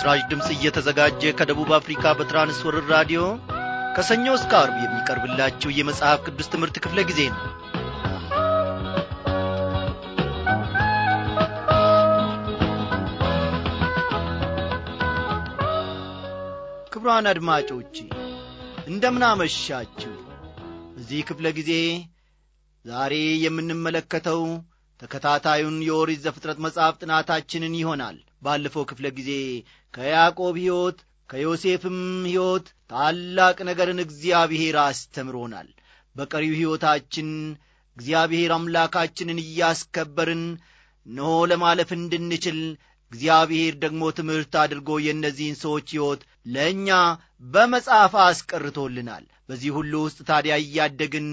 ለምስራች ድምፅ እየተዘጋጀ ከደቡብ አፍሪካ በትራንስወርር ራዲዮ ከሰኞ እስከ አርብ የሚቀርብላችሁ የመጽሐፍ ቅዱስ ትምህርት ክፍለ ጊዜ ነው። ክብሯን አድማጮች እንደምናመሻችሁ። በዚህ ክፍለ ጊዜ ዛሬ የምንመለከተው ተከታታዩን የኦሪት ዘፍጥረት መጽሐፍ ጥናታችንን ይሆናል። ባለፈው ክፍለ ጊዜ ከያዕቆብ ሕይወት ከዮሴፍም ሕይወት ታላቅ ነገርን እግዚአብሔር አስተምሮናል። በቀሪው ሕይወታችን እግዚአብሔር አምላካችንን እያስከበርን ኖ ለማለፍ እንድንችል እግዚአብሔር ደግሞ ትምህርት አድርጎ የእነዚህን ሰዎች ሕይወት ለእኛ በመጽሐፍ አስቀርቶልናል። በዚህ ሁሉ ውስጥ ታዲያ እያደግን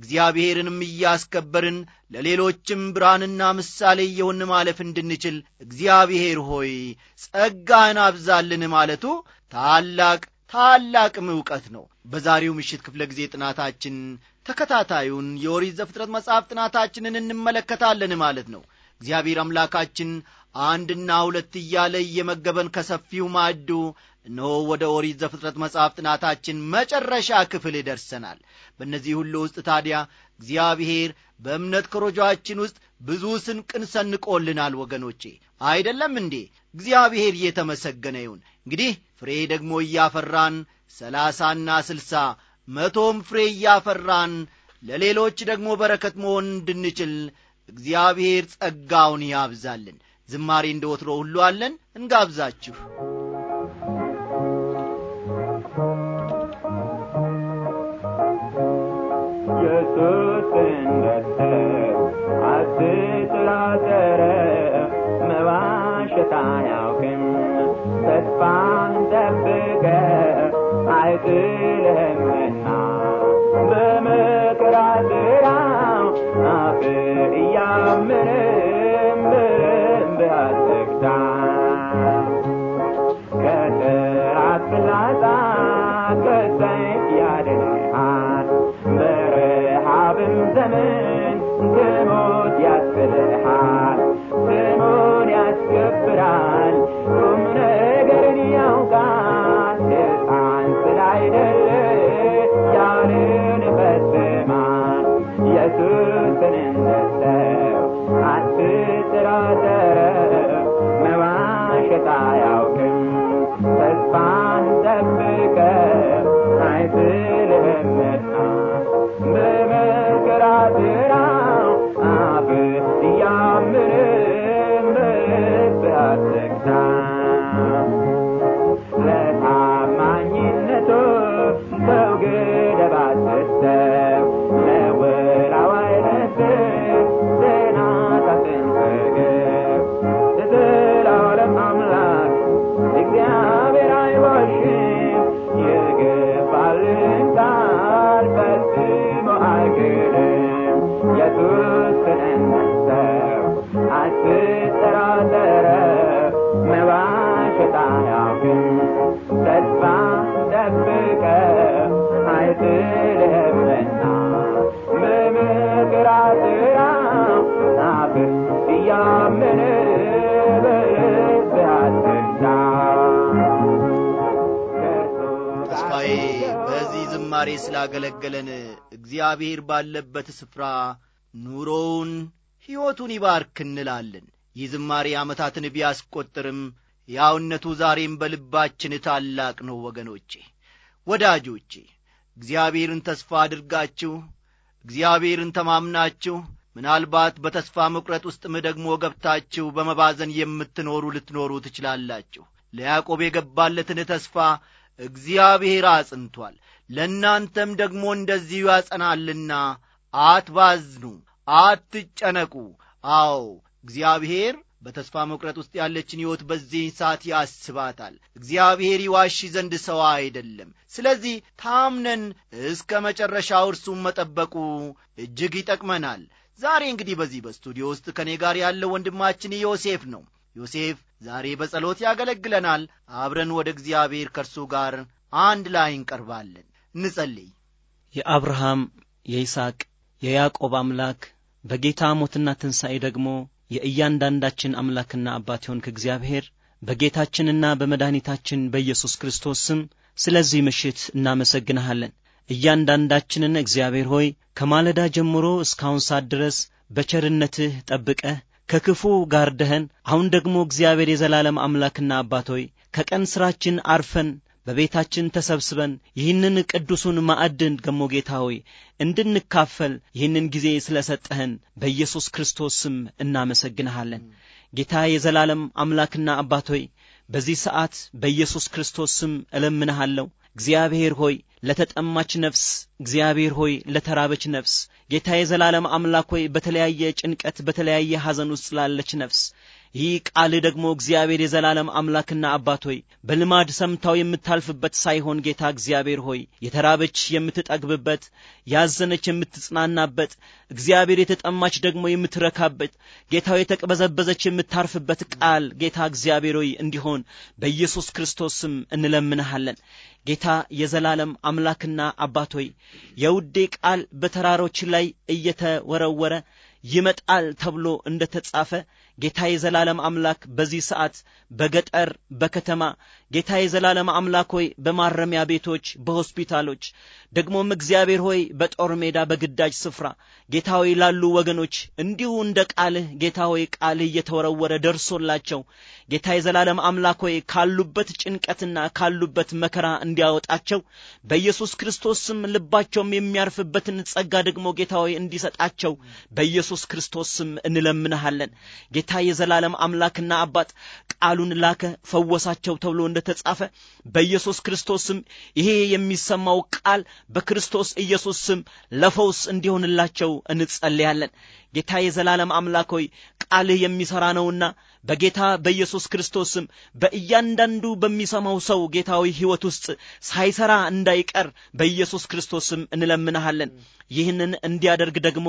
እግዚአብሔርንም እያስከበርን ለሌሎችም ብርሃንና ምሳሌ እየሆን ማለፍ እንድንችል እግዚአብሔር ሆይ ጸጋን አብዛልን ማለቱ ታላቅ ታላቅ ምውቀት ነው። በዛሬው ምሽት ክፍለ ጊዜ ጥናታችን ተከታታዩን የኦሪት ፍጥረት መጽሐፍ ጥናታችንን እንመለከታለን ማለት ነው። እግዚአብሔር አምላካችን አንድና ሁለት እያለ እየመገበን ከሰፊው ማዕዱ እነሆ ወደ ኦሪት ዘፍጥረት መጽሐፍ ጥናታችን መጨረሻ ክፍል ይደርሰናል በእነዚህ ሁሉ ውስጥ ታዲያ እግዚአብሔር በእምነት ከሮጇችን ውስጥ ብዙ ስንቅን ሰንቆልናል። ወገኖቼ አይደለም እንዴ? እግዚአብሔር እየተመሰገነ ይሁን። እንግዲህ ፍሬ ደግሞ እያፈራን ሰላሳና ስልሳ መቶም ፍሬ እያፈራን ለሌሎች ደግሞ በረከት መሆን እንድንችል እግዚአብሔር ጸጋውን ያብዛልን። ዝማሬ እንደ ወትሮ ሁሉ አለን እንጋብዛችሁ ኢየሱስ ተስፋን ጠብቀ አይጥልህም ስላገለገለን እግዚአብሔር ባለበት ስፍራ ኑሮውን ሕይወቱን ይባርክ እንላለን። ይህ ዝማሬ ዓመታትን ቢያስቆጥርም ያውነቱ ዛሬም በልባችን ታላቅ ነው። ወገኖቼ፣ ወዳጆቼ እግዚአብሔርን ተስፋ አድርጋችሁ እግዚአብሔርን ተማምናችሁ ምናልባት በተስፋ መቁረጥ ውስጥም ደግሞ ገብታችሁ በመባዘን የምትኖሩ ልትኖሩ ትችላላችሁ። ለያዕቆብ የገባለትን ተስፋ እግዚአብሔር አጽንቷል። ለእናንተም ደግሞ እንደዚሁ ያጸናልና አትባዝኑ፣ አትጨነቁ። አዎ እግዚአብሔር በተስፋ መቁረጥ ውስጥ ያለችን ሕይወት በዚህን ሰዓት ያስባታል። እግዚአብሔር ይዋሽ ዘንድ ሰው አይደለም። ስለዚህ ታምነን እስከ መጨረሻው እርሱን መጠበቁ እጅግ ይጠቅመናል። ዛሬ እንግዲህ በዚህ በስቱዲዮ ውስጥ ከእኔ ጋር ያለው ወንድማችን ዮሴፍ ነው። ዮሴፍ ዛሬ በጸሎት ያገለግለናል። አብረን ወደ እግዚአብሔር ከእርሱ ጋር አንድ ላይ እንቀርባለን። ንጸልይ። የአብርሃም የይስሐቅ የያዕቆብ አምላክ በጌታ ሞትና ትንሣኤ ደግሞ የእያንዳንዳችን አምላክና አባት የሆንክ እግዚአብሔር በጌታችንና በመድኃኒታችን በኢየሱስ ክርስቶስ ስም ስለዚህ ምሽት እናመሰግንሃለን። እያንዳንዳችንን እግዚአብሔር ሆይ ከማለዳ ጀምሮ እስካሁን ሳት ድረስ በቸርነትህ ጠብቀህ ከክፉ ጋርደኸን፣ አሁን ደግሞ እግዚአብሔር የዘላለም አምላክና አባት ሆይ ከቀን ሥራችን አርፈን በቤታችን ተሰብስበን ይህንን ቅዱሱን ማዕድን ገሞ ጌታ ሆይ እንድንካፈል ይህንን ጊዜ ስለሰጠህን በኢየሱስ ክርስቶስ ስም እናመሰግንሃለን። ጌታ የዘላለም አምላክና አባት ሆይ በዚህ ሰዓት በኢየሱስ ክርስቶስ ስም እለምንሃለሁ። እግዚአብሔር ሆይ ለተጠማች ነፍስ፣ እግዚአብሔር ሆይ ለተራበች ነፍስ፣ ጌታ የዘላለም አምላክ ሆይ በተለያየ ጭንቀት፣ በተለያየ ሐዘን ውስጥ ላለች ነፍስ ይህ ቃል ደግሞ እግዚአብሔር የዘላለም አምላክና አባት ሆይ በልማድ ሰምታው የምታልፍበት ሳይሆን ጌታ እግዚአብሔር ሆይ የተራበች የምትጠግብበት፣ ያዘነች የምትጽናናበት፣ እግዚአብሔር የተጠማች ደግሞ የምትረካበት፣ ጌታው የተቅበዘበዘች የምታርፍበት ቃል ጌታ እግዚአብሔር ሆይ እንዲሆን በኢየሱስ ክርስቶስም እንለምንሃለን። ጌታ የዘላለም አምላክና አባት ሆይ የውዴ ቃል በተራሮች ላይ እየተወረወረ ይመጣል ተብሎ እንደ ተጻፈ ጌታ የዘላለም አምላክ በዚህ ሰዓት በገጠር በከተማ ጌታ የዘላለም አምላክ ሆይ በማረሚያ ቤቶች፣ በሆስፒታሎች ደግሞም እግዚአብሔር ሆይ በጦር ሜዳ፣ በግዳጅ ስፍራ ጌታ ሆይ ላሉ ወገኖች እንዲሁ እንደ ቃልህ ጌታ ሆይ ቃልህ እየተወረወረ ደርሶላቸው ጌታ የዘላለም አምላክ ሆይ ካሉበት ጭንቀትና ካሉበት መከራ እንዲያወጣቸው በኢየሱስ ክርስቶስም ልባቸውም የሚያርፍበትን ጸጋ ደግሞ ጌታ ሆይ እንዲሰጣቸው በኢየሱስ በኢየሱስ ክርስቶስ ስም እንለምንሃለን። ጌታ የዘላለም አምላክና አባት ቃሉን ላከ፣ ፈወሳቸው ተብሎ ተጻፈ በኢየሱስ ክርስቶስ ስም ይሄ የሚሰማው ቃል በክርስቶስ ኢየሱስ ስም ለፈውስ እንዲሆንላቸው እንጸልያለን። ጌታ የዘላለም አምላክ ሆይ ቃልህ የሚሠራ ነውና በጌታ በኢየሱስ ክርስቶስም በእያንዳንዱ በሚሰማው ሰው ጌታዊ ሕይወት ውስጥ ሳይሠራ እንዳይቀር በኢየሱስ ክርስቶስም እንለምንሃለን። ይህንን እንዲያደርግ ደግሞ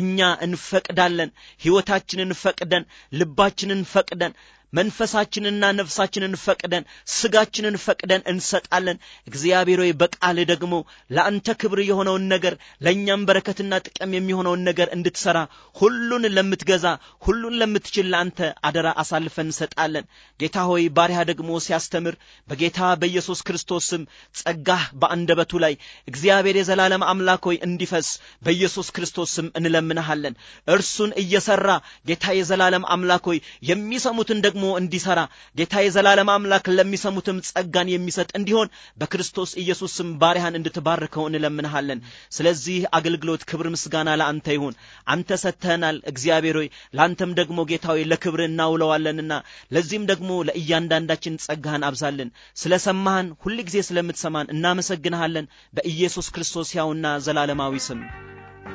እኛ እንፈቅዳለን። ሕይወታችንን ፈቅደን ልባችንን ፈቅደን መንፈሳችንና ነፍሳችንን ፈቅደን ስጋችንን ፈቅደን እንሰጣለን። እግዚአብሔር ሆይ በቃልህ ደግሞ ለአንተ ክብር የሆነውን ነገር ለእኛም በረከትና ጥቅም የሚሆነውን ነገር እንድትሰራ ሁሉን ለምትገዛ ሁሉን ለምትችል ለአንተ አደራ አሳልፈን እንሰጣለን። ጌታ ሆይ ባሪያ ደግሞ ሲያስተምር በጌታ በኢየሱስ ክርስቶስ ስም ጸጋህ በአንደበቱ ላይ እግዚአብሔር የዘላለም አምላክ ሆይ እንዲፈስ በኢየሱስ ክርስቶስ ስም እንለምንሃለን። እርሱን እየሰራ ጌታ የዘላለም አምላክ ሆይ የሚሰሙትን ደግሞ ደግሞ እንዲሰራ ጌታ የዘላለም አምላክ ለሚሰሙትም ጸጋን የሚሰጥ እንዲሆን በክርስቶስ ኢየሱስ ስም ባሪያህን እንድትባርከው እንለምንሃለን። ስለዚህ አገልግሎት ክብር፣ ምስጋና ለአንተ ይሁን። አንተ ሰተህናል እግዚአብሔር ሆይ ለአንተም ደግሞ ጌታዊ ለክብር እናውለዋለንና ለዚህም ደግሞ ለእያንዳንዳችን ጸጋህን አብዛልን። ስለሰማህን ሁል ጊዜ ስለምትሰማን እናመሰግንሃለን። በኢየሱስ ክርስቶስ ያውና ዘላለማዊ ስም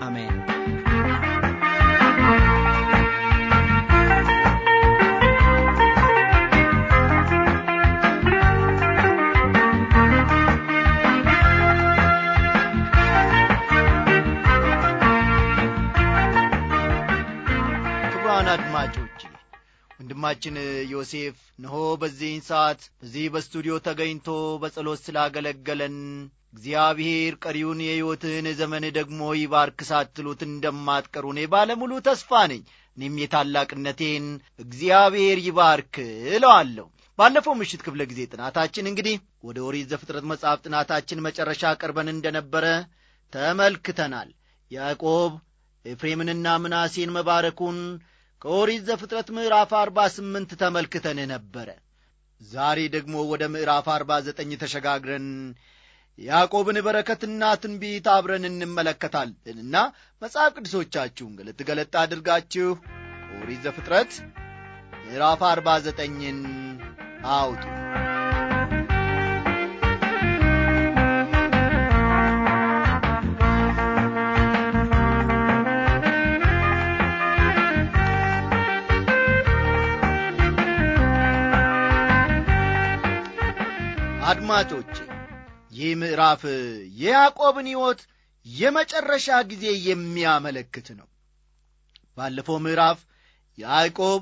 አሜን። ወንድማችን ዮሴፍ ንሆ በዚህን ሰዓት በዚህ በስቱዲዮ ተገኝቶ በጸሎት ስላገለገለን እግዚአብሔር ቀሪውን የሕይወትህን ዘመን ደግሞ ይባርክ ሳትሉት እንደማትቀሩ እኔ ባለሙሉ ተስፋ ነኝ። እኔም የታላቅነቴን እግዚአብሔር ይባርክ እለዋለሁ። ባለፈው ምሽት ክፍለ ጊዜ ጥናታችን እንግዲህ ወደ ኦሪት ዘፍጥረት መጽሐፍ ጥናታችን መጨረሻ ቀርበን እንደነበረ ተመልክተናል። ያዕቆብ ኤፍሬምንና ምናሴን መባረኩን ከኦሪት ዘፍጥረት ምዕራፍ አርባ ስምንት ተመልክተን ነበረ። ዛሬ ደግሞ ወደ ምዕራፍ አርባ ዘጠኝ ተሸጋግረን ያዕቆብን በረከትና ትንቢት አብረን እንመለከታለንና መጽሐፍ ቅዱሶቻችሁን ገለጥ ገለጥ አድርጋችሁ ኦሪት ዘፍጥረት ምዕራፍ አርባ ዘጠኝን አውጡ። አድማጮቼ ይህ ምዕራፍ የያዕቆብን ሕይወት የመጨረሻ ጊዜ የሚያመለክት ነው ባለፈው ምዕራፍ ያዕቆብ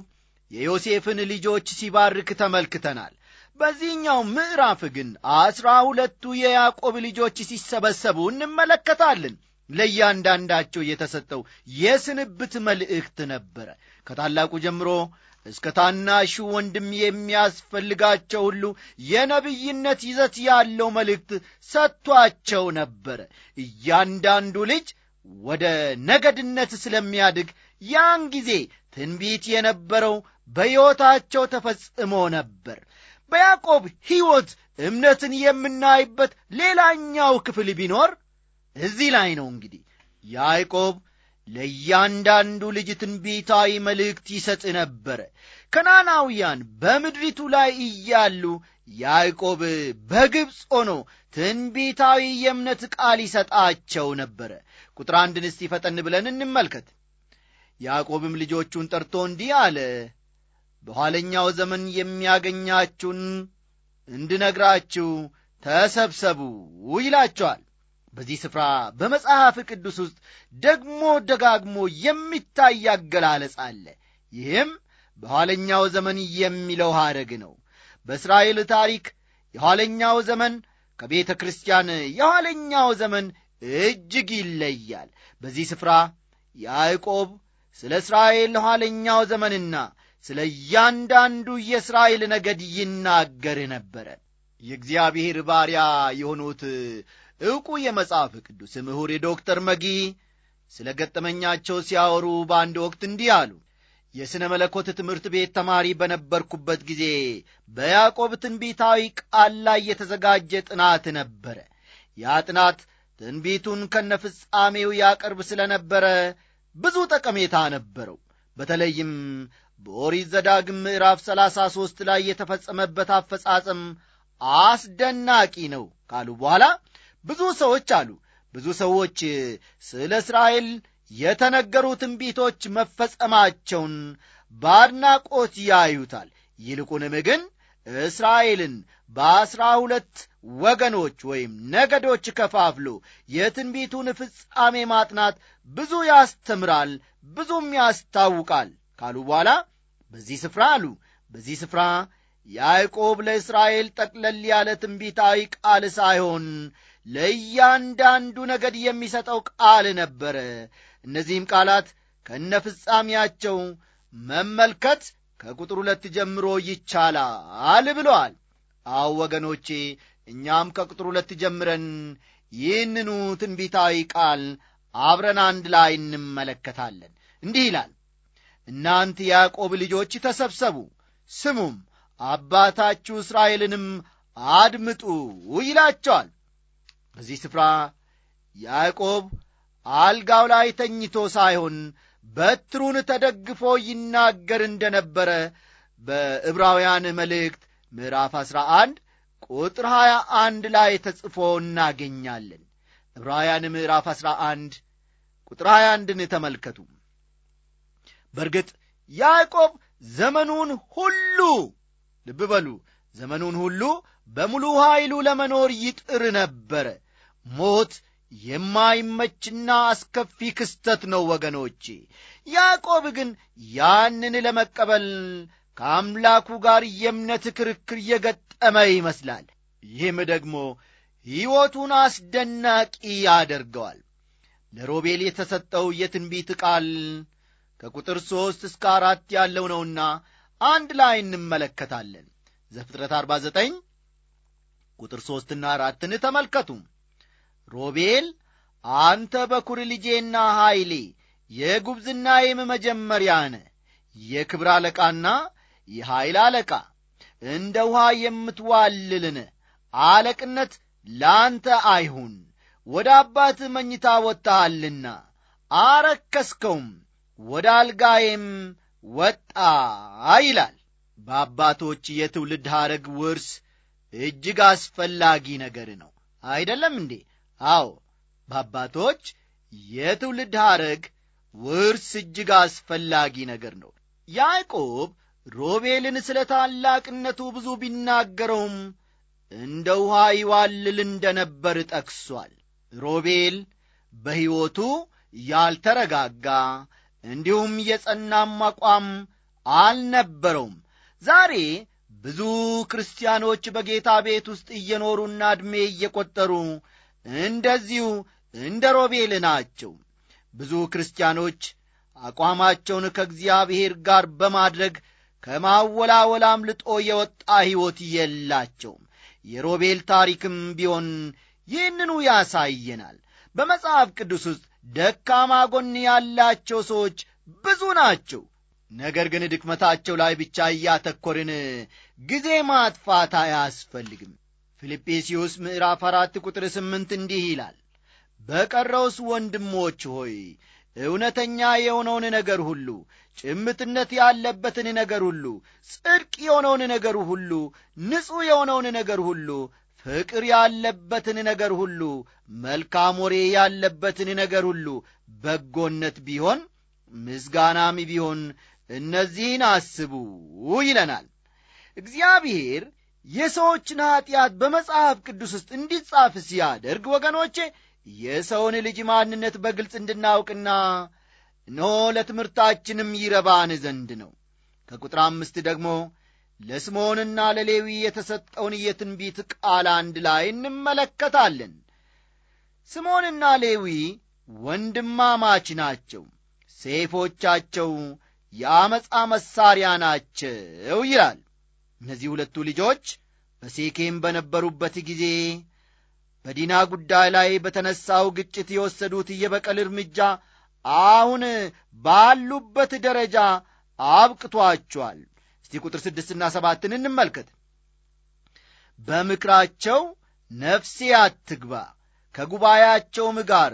የዮሴፍን ልጆች ሲባርክ ተመልክተናል በዚህኛው ምዕራፍ ግን አስራ ሁለቱ የያዕቆብ ልጆች ሲሰበሰቡ እንመለከታለን ለእያንዳንዳቸው የተሰጠው የስንብት መልእክት ነበረ ከታላቁ ጀምሮ እስከ ታናሹ ወንድም የሚያስፈልጋቸው ሁሉ የነቢይነት ይዘት ያለው መልእክት ሰጥቷቸው ነበረ። እያንዳንዱ ልጅ ወደ ነገድነት ስለሚያድግ ያን ጊዜ ትንቢት የነበረው በሕይወታቸው ተፈጽሞ ነበር። በያዕቆብ ሕይወት እምነትን የምናይበት ሌላኛው ክፍል ቢኖር እዚህ ላይ ነው። እንግዲህ ያዕቆብ ለእያንዳንዱ ልጅ ትንቢታዊ መልእክት ይሰጥ ነበረ። ከናናውያን በምድሪቱ ላይ እያሉ ያዕቆብ በግብፅ ሆኖ ትንቢታዊ የእምነት ቃል ይሰጣቸው ነበረ። ቁጥር አንድን እስቲ ፈጠን ብለን እንመልከት። ያዕቆብም ልጆቹን ጠርቶ እንዲህ አለ፣ በኋለኛው ዘመን የሚያገኛችሁን እንድነግራችሁ ተሰብሰቡ ይላቸዋል። በዚህ ስፍራ በመጽሐፍ ቅዱስ ውስጥ ደግሞ ደጋግሞ የሚታይ አገላለጽ አለ። ይህም በኋለኛው ዘመን የሚለው ሐረግ ነው። በእስራኤል ታሪክ የኋለኛው ዘመን ከቤተ ክርስቲያን የኋለኛው ዘመን እጅግ ይለያል። በዚህ ስፍራ ያዕቆብ ስለ እስራኤል ኋለኛው ዘመንና ስለ እያንዳንዱ የእስራኤል ነገድ ይናገር ነበረ። የእግዚአብሔር ባሪያ የሆኑት ዕውቁ የመጽሐፍ ቅዱስ ምሁር የዶክተር መጊ ስለ ገጠመኛቸው ሲያወሩ በአንድ ወቅት እንዲህ አሉ። የሥነ መለኮት ትምህርት ቤት ተማሪ በነበርኩበት ጊዜ በያዕቆብ ትንቢታዊ ቃል ላይ የተዘጋጀ ጥናት ነበረ። ያ ጥናት ትንቢቱን ከነፍጻሜው ያቀርብ ስለ ነበረ ብዙ ጠቀሜታ ነበረው። በተለይም በኦሪት ዘዳግም ምዕራፍ ሰላሳ ሦስት ላይ የተፈጸመበት አፈጻጸም አስደናቂ ነው ካሉ በኋላ ብዙ ሰዎች አሉ። ብዙ ሰዎች ስለ እስራኤል የተነገሩ ትንቢቶች መፈጸማቸውን በአድናቆት ያዩታል። ይልቁንም ግን እስራኤልን በአስራ ሁለት ወገኖች ወይም ነገዶች ከፋፍሎ የትንቢቱን ፍጻሜ ማጥናት ብዙ ያስተምራል፣ ብዙም ያስታውቃል ካሉ በኋላ በዚህ ስፍራ አሉ በዚህ ስፍራ ያዕቆብ ለእስራኤል ጠቅለል ያለ ትንቢታዊ ቃል ሳይሆን ለእያንዳንዱ ነገድ የሚሰጠው ቃል ነበረ። እነዚህም ቃላት ከነ ፍጻሜያቸው መመልከት ከቁጥር ሁለት ጀምሮ ይቻላል ብለዋል። አው ወገኖቼ እኛም ከቁጥር ሁለት ጀምረን ይህንኑ ትንቢታዊ ቃል አብረን አንድ ላይ እንመለከታለን። እንዲህ ይላል፣ እናንት ያዕቆብ ልጆች ተሰብሰቡ፣ ስሙም አባታችሁ እስራኤልንም አድምጡ ይላቸዋል። በዚህ ስፍራ ያዕቆብ አልጋው ላይ ተኝቶ ሳይሆን በትሩን ተደግፎ ይናገር እንደ ነበረ በዕብራውያን መልእክት ምዕራፍ 11 ቁጥር 21 ላይ ተጽፎ እናገኛለን። ዕብራውያን ምዕራፍ 11 ቁጥር 21ን ተመልከቱ። በእርግጥ ያዕቆብ ዘመኑን ሁሉ ልብ በሉ፣ ዘመኑን ሁሉ በሙሉ ኃይሉ ለመኖር ይጥር ነበረ። ሞት የማይመችና አስከፊ ክስተት ነው ወገኖቼ። ያዕቆብ ግን ያንን ለመቀበል ከአምላኩ ጋር የእምነት ክርክር እየገጠመ ይመስላል። ይህም ደግሞ ሕይወቱን አስደናቂ ያደርገዋል። ለሮቤል የተሰጠው የትንቢት ቃል ከቁጥር ሦስት እስከ አራት ያለው ነውና አንድ ላይ እንመለከታለን። ዘፍጥረት 49 ቁጥር ሦስትና አራትን ተመልከቱም። ሮቤል አንተ በኩር ልጄና ኃይሌ፣ የጒብዝናዬም መጀመሪያ ነ የክብር አለቃና የኀይል አለቃ፣ እንደ ውኃ የምትዋልልን አለቅነት ለአንተ አይሁን፣ ወደ አባት መኝታ ወጥተሃልና አረከስከውም፣ ወደ አልጋዬም ወጣ ይላል። በአባቶች የትውልድ ሐረግ ውርስ እጅግ አስፈላጊ ነገር ነው አይደለም እንዴ? አዎ በአባቶች የትውልድ ሐረግ ውርስ እጅግ አስፈላጊ ነገር ነው። ያዕቆብ ሮቤልን ስለ ታላቅነቱ ብዙ ቢናገረውም እንደ ውኃ ይዋልል እንደ ነበር ጠቅሷል። ሮቤል በሕይወቱ ያልተረጋጋ እንዲሁም የጸናም አቋም አልነበረውም። ዛሬ ብዙ ክርስቲያኖች በጌታ ቤት ውስጥ እየኖሩና ዕድሜ እየቈጠሩ እንደዚሁ እንደ ሮቤል ናቸው። ብዙ ክርስቲያኖች አቋማቸውን ከእግዚአብሔር ጋር በማድረግ ከማወላወል አምልጦ የወጣ ሕይወት የላቸውም። የሮቤል ታሪክም ቢሆን ይህንኑ ያሳየናል። በመጽሐፍ ቅዱስ ውስጥ ደካማ ጎን ያላቸው ሰዎች ብዙ ናቸው። ነገር ግን ድክመታቸው ላይ ብቻ እያተኮርን ጊዜ ማጥፋት አያስፈልግም። ፊልጵስዩስ ምዕራፍ አራት ቁጥር ስምንት እንዲህ ይላል በቀረውስ ወንድሞች ሆይ እውነተኛ የሆነውን ነገር ሁሉ ጭምትነት ያለበትን ነገር ሁሉ ጽድቅ የሆነውን ነገር ሁሉ ንጹሕ የሆነውን ነገር ሁሉ ፍቅር ያለበትን ነገር ሁሉ መልካም ወሬ ያለበትን ነገር ሁሉ በጎነት ቢሆን ምስጋናም ቢሆን እነዚህን አስቡ ይለናል እግዚአብሔር የሰዎችን ኀጢአት በመጽሐፍ ቅዱስ ውስጥ እንዲጻፍ ሲያደርግ ወገኖቼ የሰውን ልጅ ማንነት በግልጽ እንድናውቅና ኖ ለትምህርታችንም ይረባን ዘንድ ነው። ከቁጥር አምስት ደግሞ ለስምዖንና ለሌዊ የተሰጠውን የትንቢት ቃል አንድ ላይ እንመለከታለን። ስምዖንና ሌዊ ወንድማማች ናቸው፣ ሴፎቻቸው የአመፃ መሣሪያ ናቸው ይላል። እነዚህ ሁለቱ ልጆች በሴኬም በነበሩበት ጊዜ በዲና ጉዳይ ላይ በተነሳው ግጭት የወሰዱት የበቀል እርምጃ አሁን ባሉበት ደረጃ አብቅቷቸዋል። እስቲ ቁጥር ስድስትና ሰባትን እንመልከት። በምክራቸው ነፍሴ አትግባ፣ ከጉባኤያቸውም ጋር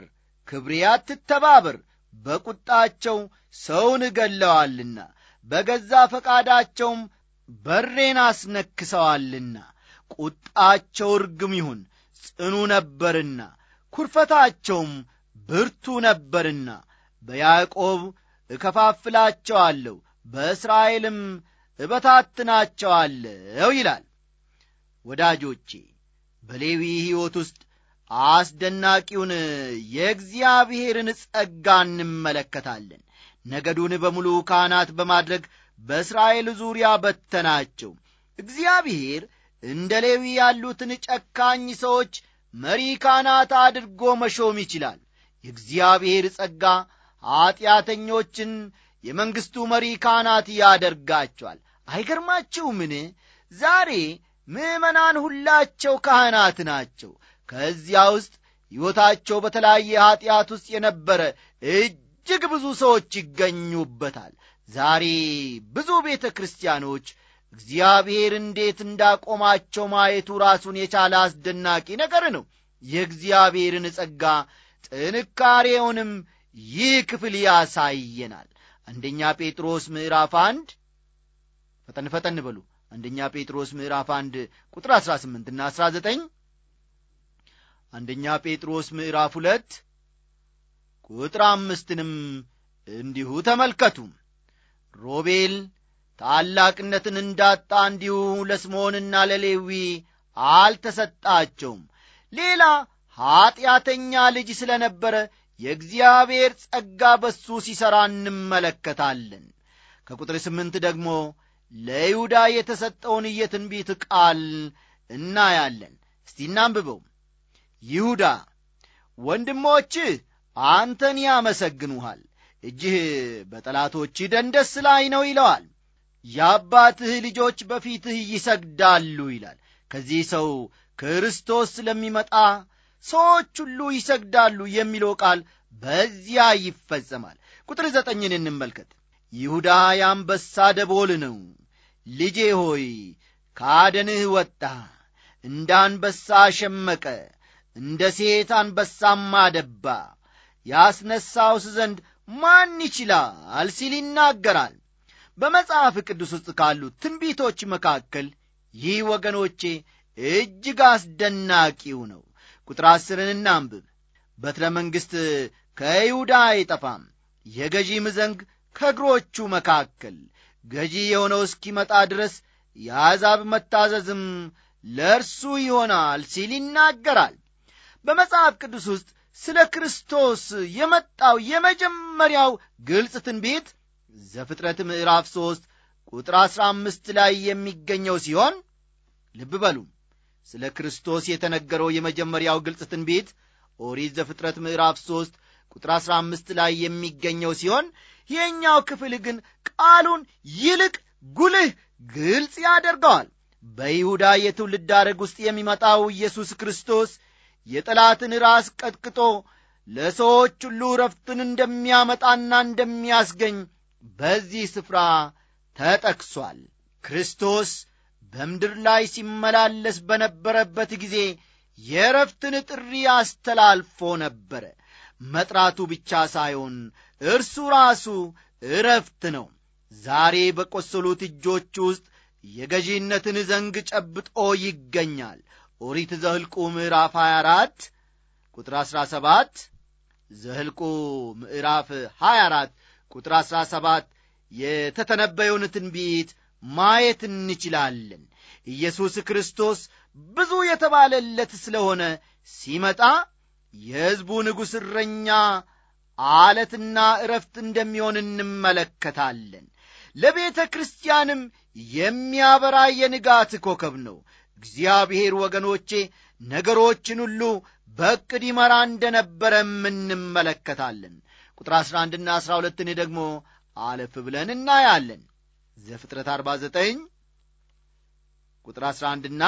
ክብሬ አትተባበር፣ በቁጣቸው ሰውን እገለዋልና በገዛ ፈቃዳቸውም በሬን አስነክሰዋልና ቁጣቸው ርግም ይሁን ጽኑ ነበርና ኵርፈታቸውም ብርቱ ነበርና በያዕቆብ እከፋፍላቸዋለሁ በእስራኤልም እበታትናቸዋለሁ ይላል ወዳጆቼ በሌዊ ሕይወት ውስጥ አስደናቂውን የእግዚአብሔርን ጸጋ እንመለከታለን ነገዱን በሙሉ ካህናት በማድረግ በእስራኤል ዙሪያ በተናቸው። እግዚአብሔር እንደ ሌዊ ያሉትን ጨካኝ ሰዎች መሪ ካህናት አድርጎ መሾም ይችላል። የእግዚአብሔር ጸጋ ኀጢአተኞችን የመንግሥቱ መሪ ካህናት ያደርጋቸዋል። አይገርማችሁምን? ዛሬ ምዕመናን ሁላቸው ካህናት ናቸው። ከዚያ ውስጥ ሕይወታቸው በተለያየ ኀጢአት ውስጥ የነበረ እጅግ ብዙ ሰዎች ይገኙበታል። ዛሬ ብዙ ቤተ ክርስቲያኖች እግዚአብሔር እንዴት እንዳቆማቸው ማየቱ ራሱን የቻለ አስደናቂ ነገር ነው። የእግዚአብሔርን ጸጋ ጥንካሬውንም ይህ ክፍል ያሳየናል። አንደኛ ጴጥሮስ ምዕራፍ አንድ ፈጠን ፈጠን በሉ። አንደኛ ጴጥሮስ ምዕራፍ አንድ ቁጥር አሥራ ስምንትና አሥራ ዘጠኝ አንደኛ ጴጥሮስ ምዕራፍ ሁለት ቁጥር አምስትንም እንዲሁ ተመልከቱም ሮቤል ታላቅነትን እንዳጣ እንዲሁ ለስምዖንና ለሌዊ አልተሰጣቸውም። ሌላ ኀጢአተኛ ልጅ ስለ ነበረ የእግዚአብሔር ጸጋ በሱ ሲሠራ እንመለከታለን። ከቁጥር ስምንት ደግሞ ለይሁዳ የተሰጠውን እየትንቢት ቃል እናያለን። እስቲ እናንብበው። ይሁዳ ወንድሞችህ አንተን ያመሰግኑሃል፣ እጅህ በጠላቶች ደንደስ ላይ ነው ይለዋል። የአባትህ ልጆች በፊትህ ይሰግዳሉ ይላል። ከዚህ ሰው ክርስቶስ ስለሚመጣ ሰዎች ሁሉ ይሰግዳሉ የሚለው ቃል በዚያ ይፈጸማል። ቁጥር ዘጠኝን እንመልከት። ይሁዳ የአንበሳ ደቦል ነው። ልጄ ሆይ ከአደንህ ወጣ፣ እንደ አንበሳ ሸመቀ፣ እንደ ሴት አንበሳም አደባ። ያስነሳውስ ዘንድ ማን ይችላል ሲል ይናገራል። በመጽሐፍ ቅዱስ ውስጥ ካሉ ትንቢቶች መካከል ይህ ወገኖቼ እጅግ አስደናቂው ነው። ቁጥር አስርን እናንብብ። በትረ መንግሥት ከይሁዳ አይጠፋም፣ የገዢም ዘንግ ከእግሮቹ መካከል ገዢ የሆነው እስኪመጣ ድረስ የአሕዛብ መታዘዝም ለእርሱ ይሆናል ሲል ይናገራል። በመጽሐፍ ቅዱስ ውስጥ ስለ ክርስቶስ የመጣው የመጀመሪያው ግልጽ ትንቢት ዘፍጥረት ምዕራፍ ሦስት ቁጥር አሥራ አምስት ላይ የሚገኘው ሲሆን ልብ በሉ ስለ ክርስቶስ የተነገረው የመጀመሪያው ግልጽ ትንቢት ኦሪት ዘፍጥረት ምዕራፍ ሦስት ቁጥር አሥራ አምስት ላይ የሚገኘው ሲሆን የእኛው ክፍል ግን ቃሉን ይልቅ ጉልህ ግልጽ ያደርገዋል። በይሁዳ የትውልድ ዳረግ ውስጥ የሚመጣው ኢየሱስ ክርስቶስ የጠላትን ራስ ቀጥቅጦ ለሰዎች ሁሉ ረፍትን እንደሚያመጣና እንደሚያስገኝ በዚህ ስፍራ ተጠቅሷል። ክርስቶስ በምድር ላይ ሲመላለስ በነበረበት ጊዜ የረፍትን ጥሪ አስተላልፎ ነበረ። መጥራቱ ብቻ ሳይሆን እርሱ ራሱ እረፍት ነው። ዛሬ በቈሰሉት እጆች ውስጥ የገዢነትን ዘንግ ጨብጦ ይገኛል። ኦሪት ዘህልቁ ምዕራፍ 24 ቁጥር 17 ዘህልቁ ምዕራፍ 24 ቁጥር 17 የተተነበየውን ትንቢት ማየት እንችላለን። ኢየሱስ ክርስቶስ ብዙ የተባለለት ስለሆነ ሲመጣ የሕዝቡ ንጉሥ እረኛ አለትና ዕረፍት እንደሚሆን እንመለከታለን። ለቤተ ክርስቲያንም የሚያበራ የንጋት ኮከብ ነው። እግዚአብሔር ወገኖቼ ነገሮችን ሁሉ በዕቅድ ይመራ እንደ ነበረም እንመለከታለን። ቁጥር 11ና 12ን ደግሞ አለፍ ብለን እናያለን። ዘፍጥረት 49 ቁጥር 11ና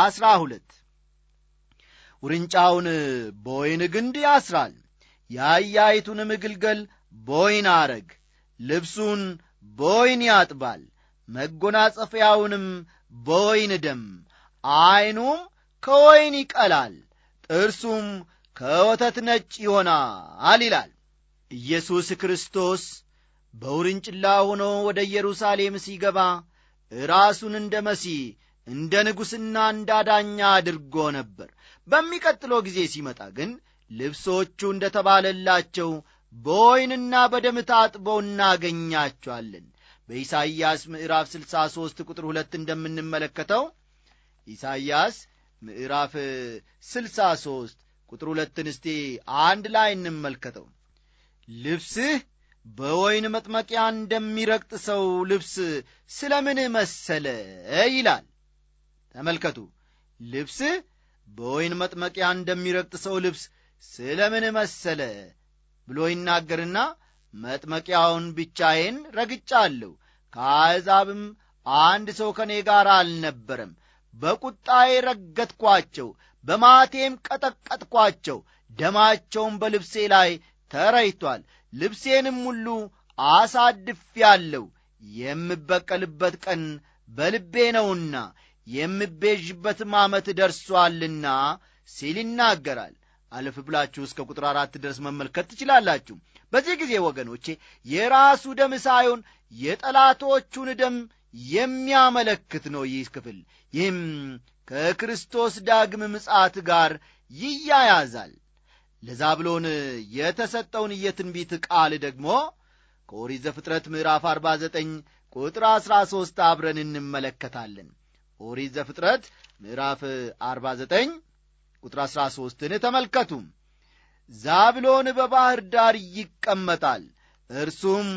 12 ውርንጫውን በወይን ግንድ ያስራል፣ የአያይቱንም ግልገል በወይን አረግ፣ ልብሱን በወይን ያጥባል፣ መጎናጸፊያውንም በወይን ደም፣ ዐይኑም ከወይን ይቀላል፣ ጥርሱም ከወተት ነጭ ይሆናል ይላል። ኢየሱስ ክርስቶስ በውርንጭላ ሆኖ ወደ ኢየሩሳሌም ሲገባ ራሱን እንደ መሲህ እንደ ንጉሥና እንደ አዳኛ አድርጎ ነበር። በሚቀጥለው ጊዜ ሲመጣ ግን ልብሶቹ እንደ ተባለላቸው በወይንና በደም ታጥበው እናገኛቸዋለን። በኢሳይያስ ምዕራፍ 63 ቁጥር ሁለት እንደምንመለከተው ኢሳይያስ ምዕራፍ 63 ቁጥር 2 እስቲ አንድ ላይ እንመልከተው። ልብስህ በወይን መጥመቂያ እንደሚረግጥ ሰው ልብስ ስለምን መሰለ ይላል። ተመልከቱ። ልብስህ በወይን መጥመቂያ እንደሚረግጥ ሰው ልብስ ስለምን መሰለ ብሎ ይናገርና መጥመቂያውን ብቻዬን ረግጫለሁ፣ ከአሕዛብም አንድ ሰው ከእኔ ጋር አልነበረም። በቁጣዬ ረገጥኳቸው፣ በማቴም ቀጠቀጥኳቸው፣ ደማቸውም በልብሴ ላይ ተረይቷል። ልብሴንም ሁሉ ያለው የምበቀልበት ቀን በልቤ ነውና የምቤዥበትም ዓመት ደርሷልና ሲል ይናገራል። አለፍ ብላችሁ እስከ ቁጥር አራት ድረስ መመልከት ትችላላችሁ በዚህ ጊዜ ወገኖቼ የራሱ ደም ሳይሆን የጠላቶቹን ደም የሚያመለክት ነው ይህ ክፍል ይህም ከክርስቶስ ዳግም ምጻት ጋር ይያያዛል ለዛብሎን የተሰጠውን የትንቢት ቃል ደግሞ ከኦሪት ዘፍጥረት ምዕራፍ 49 ቁጥር 13 አብረን እንመለከታለን ኦሪት ዘፍጥረት ምዕራፍ 49 ቁጥር 13ን ተመልከቱ። ዛብሎን በባሕር ዳር ይቀመጣል፣ እርሱም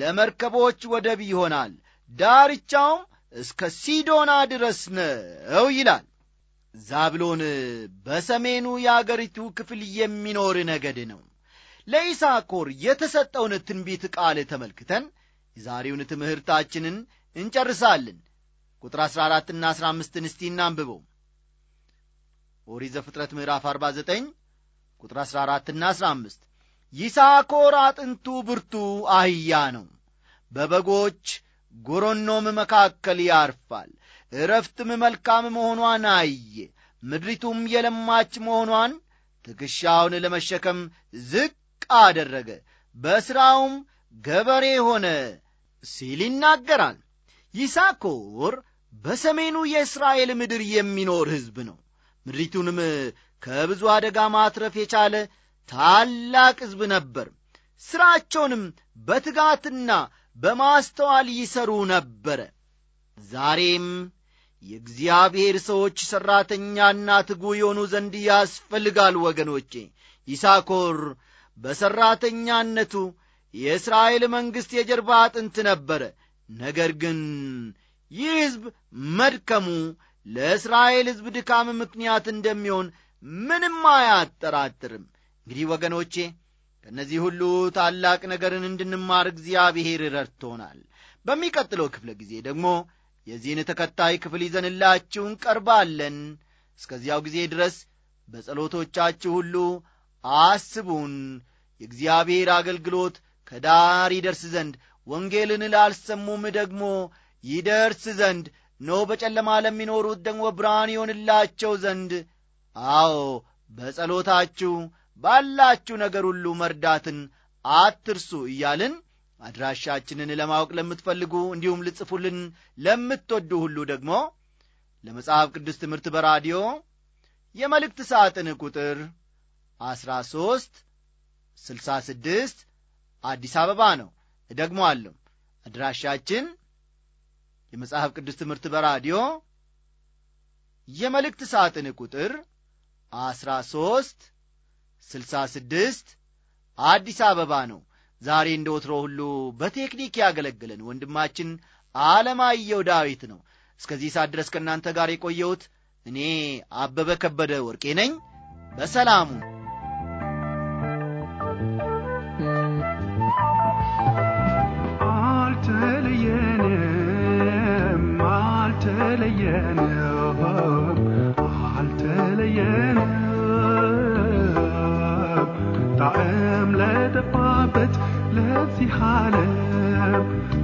ለመርከቦች ወደብ ይሆናል፣ ዳርቻውም እስከ ሲዶና ድረስ ነው ይላል። ዛብሎን በሰሜኑ የአገሪቱ ክፍል የሚኖር ነገድ ነው። ለኢሳኮር የተሰጠውን ትንቢት ቃል ተመልክተን የዛሬውን ትምህርታችንን እንጨርሳለን። ቁጥር 14ና 15ን እስቲ እናንብበው። ኦሪት ዘፍጥረት ምዕራፍ 49 ቁጥር 14 እና 15 ይሳኮር አጥንቱ ብርቱ አህያ ነው፣ በበጎች ጎረኖም መካከል ያርፋል። እረፍትም መልካም መሆኗን አየ፣ ምድሪቱም የለማች መሆኗን ትከሻውን ለመሸከም ዝቅ አደረገ፣ በሥራውም ገበሬ ሆነ ሲል ይናገራል። ይሳኮር በሰሜኑ የእስራኤል ምድር የሚኖር ሕዝብ ነው። ምድሪቱንም ከብዙ አደጋ ማትረፍ የቻለ ታላቅ ሕዝብ ነበር። ሥራቸውንም በትጋትና በማስተዋል ይሠሩ ነበረ። ዛሬም የእግዚአብሔር ሰዎች ሠራተኛና ትጉ የሆኑ ዘንድ ያስፈልጋል። ወገኖቼ ይሳኮር በሠራተኛነቱ የእስራኤል መንግሥት የጀርባ አጥንት ነበረ። ነገር ግን ይህ ሕዝብ መድከሙ ለእስራኤል ሕዝብ ድካም ምክንያት እንደሚሆን ምንም አያጠራጥርም እንግዲህ ወገኖቼ ከእነዚህ ሁሉ ታላቅ ነገርን እንድንማር እግዚአብሔር ረድቶናል በሚቀጥለው ክፍለ ጊዜ ደግሞ የዚህን ተከታይ ክፍል ይዘንላችሁ እንቀርባለን እስከዚያው ጊዜ ድረስ በጸሎቶቻችሁ ሁሉ አስቡን የእግዚአብሔር አገልግሎት ከዳር ይደርስ ዘንድ ወንጌልን ላልሰሙም ደግሞ ይደርስ ዘንድ ኖ በጨለማ ለሚኖሩት ደግሞ ብርሃን ይሆንላቸው ዘንድ አዎ በጸሎታችሁ ባላችሁ ነገር ሁሉ መርዳትን አትርሱ እያልን አድራሻችንን ለማወቅ ለምትፈልጉ እንዲሁም ልጽፉልን ለምትወዱ ሁሉ ደግሞ ለመጽሐፍ ቅዱስ ትምህርት በራዲዮ የመልእክት ሳጥን ቁጥር 13 ሦስት ስልሳ ስድስት አዲስ አበባ ነው። እደግሞአለሁ። አድራሻችን የመጽሐፍ ቅዱስ ትምህርት በራዲዮ የመልእክት ሳጥን ቁጥር አስራ ሦስት ስልሳ ስድስት አዲስ አበባ ነው። ዛሬ እንደ ወትሮ ሁሉ በቴክኒክ ያገለግለን ወንድማችን አለማየሁ ዳዊት ነው። እስከዚህ ሰዓት ድረስ ከእናንተ ጋር የቆየሁት እኔ አበበ ከበደ ወርቄ ነኝ። በሰላሙ አልተለየንም አልተለየንም ጣዕም ለጠፋበት ለዚህ ዓለም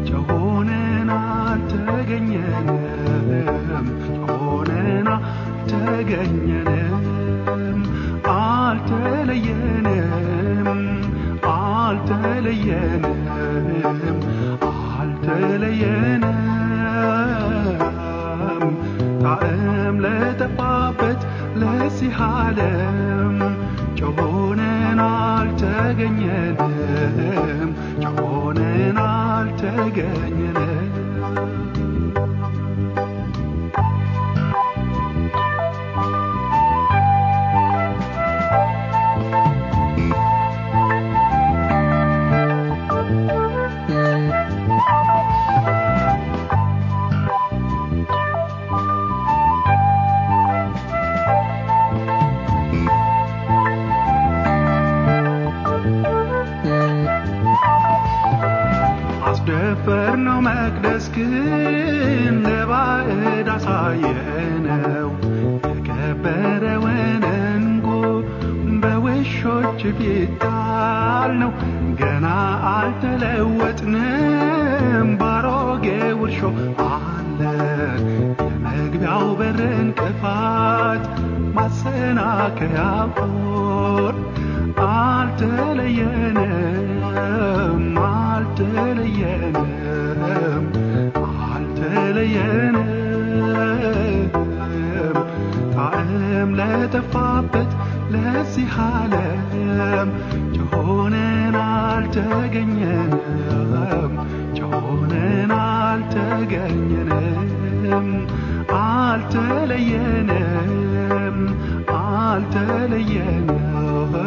ጨው ሆነን አልተገኘንም ጨው ሆነን አልተገኘንም ደፈር ነው መቅደስ ግን ለባዕድ አሳየነው የከበረውን እንቁ በውሾች ፊት ነው ገና አልተለወጥንም ባሮጌ ውርሾ አለን የመግቢያው በር እንቅፋት ማሰናከያ ሆን አልተለየንም ለተለየንም ጣዕም ለጠፋበት ለዚህ ዓለም አልተለየንም አልተለየንም